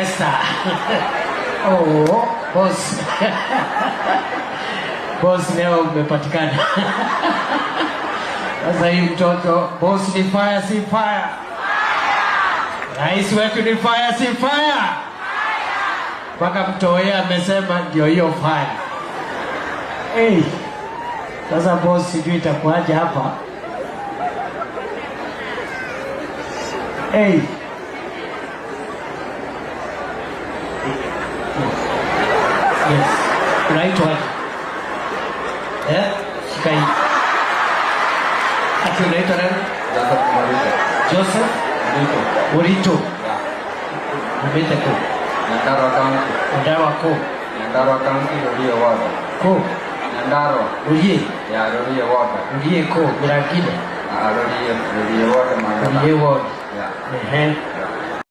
Esta. Oh, boss. Boss leo umepatikana. Sasa hii mtoto, boss ni fire si fire. Rais wetu ni fire si fire. Mpaka mtoe amesema ndio hiyo fire. Hey. Sasa boss sijui itakuwaje hapa. Hey. Yes. Right one. Yeah? She can What's your right one? Joseph Morito. Joseph? Morito. Morito. Yeah. Morito. Nandaro County. Nandaro Ko. Nandaro County Rodi Award. Ko. Nandaro. Rodi. Yeah, Rodi Award. Rodi Ko. Mirakile. Ah, Rodi Rodi Award. Rodi Award. Yeah. Yeah.